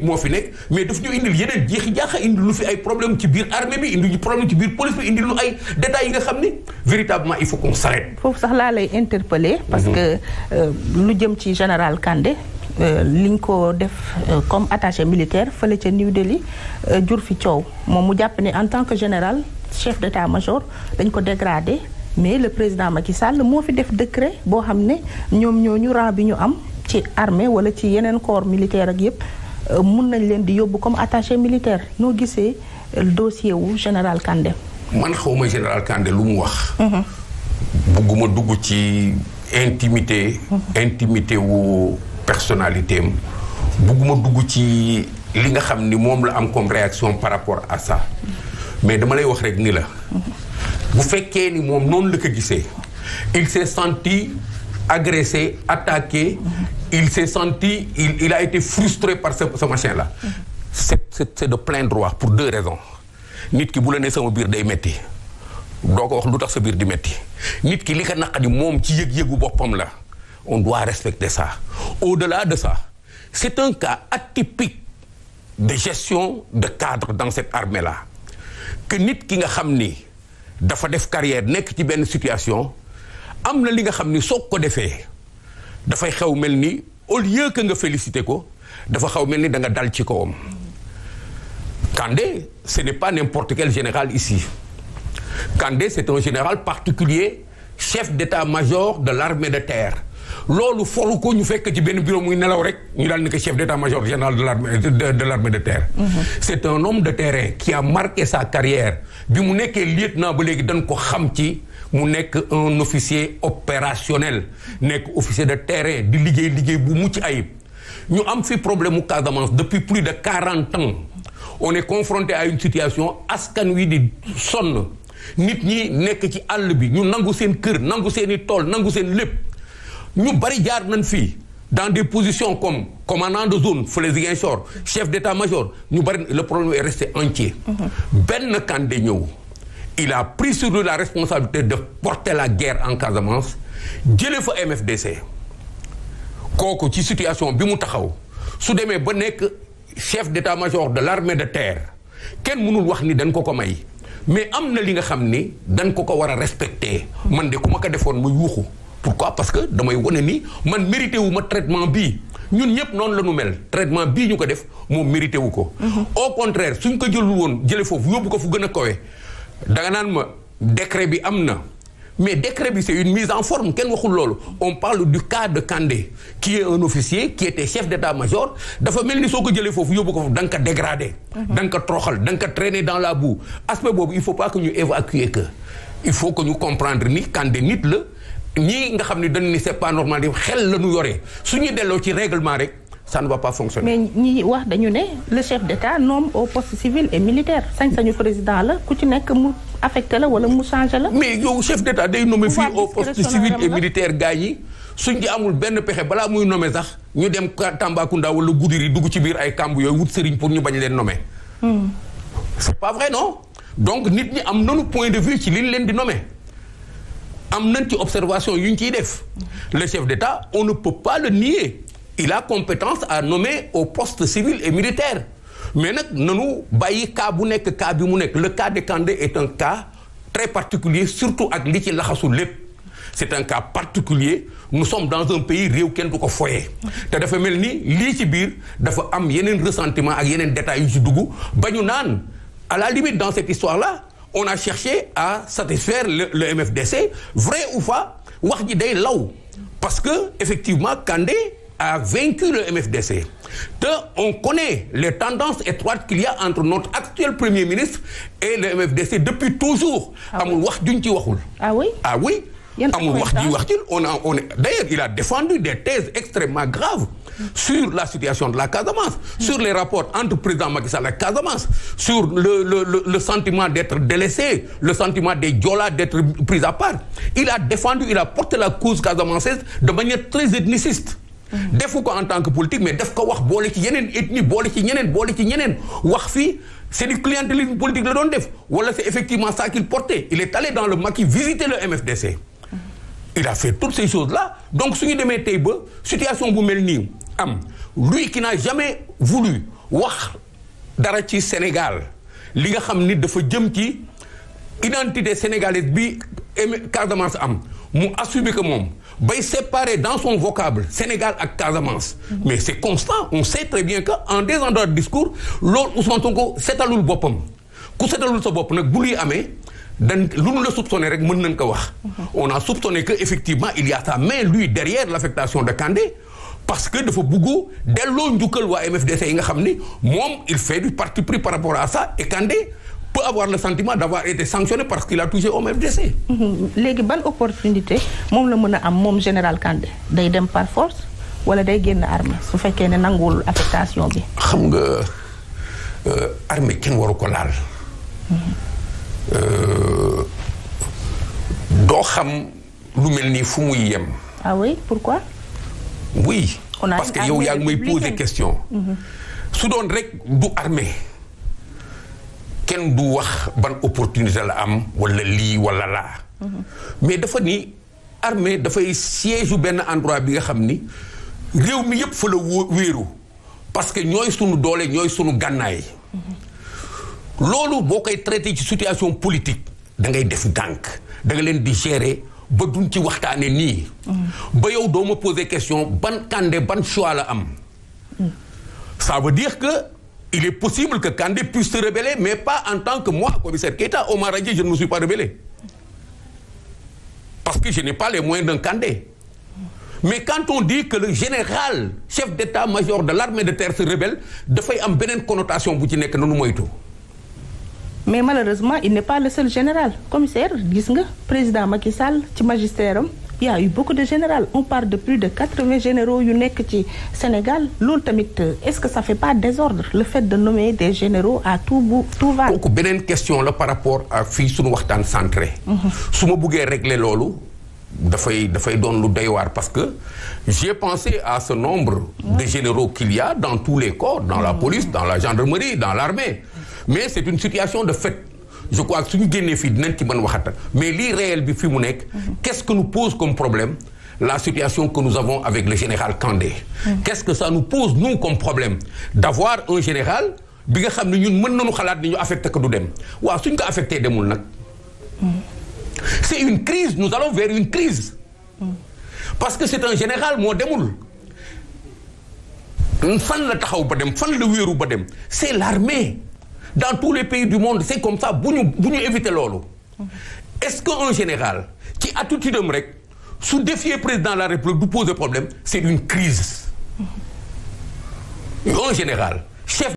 moo fi nekk mais def ñu indil yeneen jeexi jaaxa indi lu fi ay problème ci biir armée bi indi problème ci biir police bi indi lu ay détails yi nga xam ni véritablement il faut qu'on s'arrête foofu sax laa lay interpeller parce mhm. que euh, lu jëm ci général Kandé euh, liñ ko def euh, comme attaché militaire fële ca New Delhi jur fi coow moom mu jàpp ne en tant que général chef d'état-major dañ ko dégradé mais le président Macky Sall moo fi def décret boo xam ne ñoom ñooñu rang bi ñu am ci armée wala ci yeneen corps militaire ak yépp Euh, mun nañ leen di yóbbu comme attaché militaire noo gisee euh, dossier wu général Kandé. man xawma général Kandé lu mu wax. Mhm. bugguma dugg ci intimité. Mhm. intimité wu personnalité am bugguma dugg ci li nga xam ni moom la am comme réaction par rapport à sa mais dama lay wax rek ni la. Mhm. bu fekkee ni moom noonu la ko gisee il s'est senti agressé attaqué il s'est senti, il, il, a été frustré par ce, ce machin-là. C'est de plein droit pour deux raisons. nit ki bu la nee sama biir day métti doo ko wax lu tax sa biir di métti nit ki li ko naqadi moom ci yëg-yëgu boppam la on doit respecter ça au-delà de ça c'est un cas atypique de gestion de cadre dans cette armée-là que nit ki nga xam ni dafa def carrière nekk ci benn situation am na li nga xam ni soo ko defee dafay xew mel ni au lieu que nga féliciter ko dafa xaw mel ni da nga dal ci kawam. Kandé ce ne pas n'importe quel général ici Kandé c'est un général particulier chef d'état-major de l'armée de terre loolu folu ko ñu fekk ci benn bureau muy nelaw rek ñu daal ni ko chef d'état-major général de l'armée de l'armée de terre mhm. c'est un homme de terrain qui a marqué sa carrière bi mu nekkee lieutenant ba léegi dan ko xam ci mu nekk un officier opérationnel nekk officier de terrain di liggéey liggéey bu mucc ayib ñu am fi problème mu Casamance depuis plus de quarante ans on est confronté à une situation askan wi di sonn nit ñi nekk ci àll bi ñu nangu seen kër nangu seen i tool nangu seen lépp ñu bari jaar nañ fii dans des position comme commandant de zone fële Ziguinchor chef d'état-major ñu bari le problème est resté entier. Mhm. benn Kandé ñëw il a pris sur lui la responsabilité de porter la guerre en Casamance jëlee fa MFDC kooku ci situation bi mu taxaw su demee ba nekk chef d'état-major de l'armée de terre kenn mënul wax ni dañ ko ko may mais am na li nga xam ni dañ ko ko war a respecter man de ku ma ko defoon mu yuuxu. pourquoi parce que damay wane ni man mérité wu ma traitement bi ñun ñëpp noonu la ñu mel traitement bii ñu ko def moom mérité wu ko. Mhm. au contraire suñ ko jëlul woon jëlee foofu yóbbu ko fu gën a kawe. danga naan ma décret bi am na mais décret bi c'est une mise en forme kenn waxul loolu on parle du cas de Kandé qui est un officier qui était chef d'état-major dafa mel ni soo ko jëlee foofu yóbbu ko foofu da ko dégradé. Mhm. da nga ko troxal da nga ko traîner dans la boue aspect boobu il faut pas que ñu il faut que ñu comprendre ni Kandé nit la. ñii nga xam ni dañu ni c'est pas normal di xel la ñu yoree su ñu delloo ci règlement rek ça ne va pas fonctionner. mais ñi wax dañu ne le chef d'état nomme au poste civil et militaire sañ-sañu président la ku ci nekk mu affecté la wala mu changé la. mais yow chef d'état day nommé fii au poste civil et militaire gars yi suñ ci benn pexe balaa muy nommé sax ñu dem Tambacounda wala Goudiri dugg ci biir ay kamb yooyu wut sëriñ pour ñu bañ leen nommé. Hmm. c'est pas vrai non donc nit ñu am nanu point de vue ci liñ leen di nommé. am nañ ci observation yu ñu ciy def le chef d'État on ne peut pas le nier il a compétence à nommer au poste civil et militaire mais nag nanu bàyyi cas bu nekk cas bi mu nekk le cas de Kandé est un cas très particulier surtout ak li ci laxasu lépp c'est un cas particulier nous sommes dans un pays réew kenn du ko foyee te dafa mel ni lii ci biir dafa am yeneen ressentiment ak yeneen détails yu ci dugg ba ñu naan à la limite dans cette histoire là on a cherché à satisfaire le, le MFDC vrai ou pas wax ji day law parce que effectivement Kandé a vaincu le MFDC te on connaît les tendances étroites qu'il y a entre notre actuel premier ministre et le MFDC depuis toujours ah amul wax juñ ci waxul ah oui ah oui amul wax ji wax ji on a il a défendu des thèses extrêmement graves sur la situation de la Casamance sur les rapports entre président Macky Sall ak Casamance sur le le le, le sentiment d'être délaissé le sentiment des Joola d'être pris à part il a défendu il a porté la cause casamançaise de manière très ethniciste defu ko tant que politique mais def ko wax boole ci yeneen ethnie boole ci ñeneen boole ci ñeneen wax fii c'est du clientélisme politique la doon def wala c'est effectivement ça qu'il portait le il a fait toutes ces choses la donc su ñu demee tey ba situation bu mel nii am lui qui n'a jamais voulu wax dara ci Sénégal li nga xam ni dafa jëm ci identité sénégalaise bi Casamance am mu assumer ko moom bay séparer dans son vocable Sénégal ak Casamance. mais c'est constant on sait très bien que en des endroits de discours loolu Ousmane Sonko setalul boppam ku setalul sa bopp nag bu amee. dan lu ñu la soupçonné rek mën nañ ko wax. Mhm. on a soupçonné que effectivement il y a sa main lui derrière l' de Kandé parce que dafa bugg delloo njukkal waa MFDC yi nga xam ni moom il fait du parti pris par rapport à ça et Kandé peut avoir le sentiment d'avoir été sanctionné parce que a touché au MFDC. Mhm. léegi ban opportunité moom la mën a am moom général Kandé day dem par force wala day génn armée su fekkee ne nanguwul affectation bi. xam nga euh, armée ko laal. Mhm. Euh, munoo xam lu mel nii fu muy yem. ah oui pourquoi. oui parce que yow yaa ngi may poser question. Mm-hmm. su doon rek du armée kenn du wax ban opportunité la am wala lii walla laa. Mm-hmm. mais dafa ni armée dafay siège benn endroit bi nga xam ni réew mi yëpp fa la wéeru parce que ñooy sunu doole ñooy sunu gànnaay. Mm-hmm. loolu boo koy traité ci situation politique. da ngay def dànk da nga leen di gérer ba duñ ci waxtaane nii. ba yow doo ma poser question ban Kandé ban choix la am. ça veut dire que il est possible que Kandé puisse se rebeller mais pas en tant que moi commissaire Keita Omar Adji je ne me suis pas rebellé parce que je n'ai pas les moyens d'un Kandé. mais quand on dit que le général chef d'état-major de l'armée de terre se rebelle dafay am beneen connotation bu ci nekk nanu moytu. mais malheureusement il n'est pas le seul général commissaire gis nga président Macky Sall ci magistère am y a eu beaucoup de généraux on parle de plus de quatre-vingts généraux yu nekk ci Sénégal loolu tamit euh, est-ce que ça fait pas désordre le fait de nommer des généraux à tout bout tout va. donc beneen question la par rapport à fii suñu waxtaan centré. Mhm. su ma buggee régler loolu. dafay dafay doon lu doy parce que j'ai pensé à ce nombre de généraux qu'il y a les corps dans la mhm. la gendarmerie dans l'armée mais c'est une situation de fait je crois su suñu génnee fii dinañ ci mën waxata mais lii réel bi fi mu nekk kes ce que nous pose comme problème la situation que nous avons avec le général Kandé qu'est-ce que ça nous pose nous comme problème d'avoir un général bi nga xam ne ñun mën na nañu xalaat ni ñu affecté que du dem waaw suñ ko affecté demul nag c'est une crise nous allons vers une crise parce que c'est un général moo demul fan la taxaw ba dem fan la wéeru ba dem c'est l'armée dans tous les pays du monde c'est comme ça bu ñu bu ñu loolu est-ce que un général ci attitude am rek su défier président de la république du poser problème c'est une crise un général chef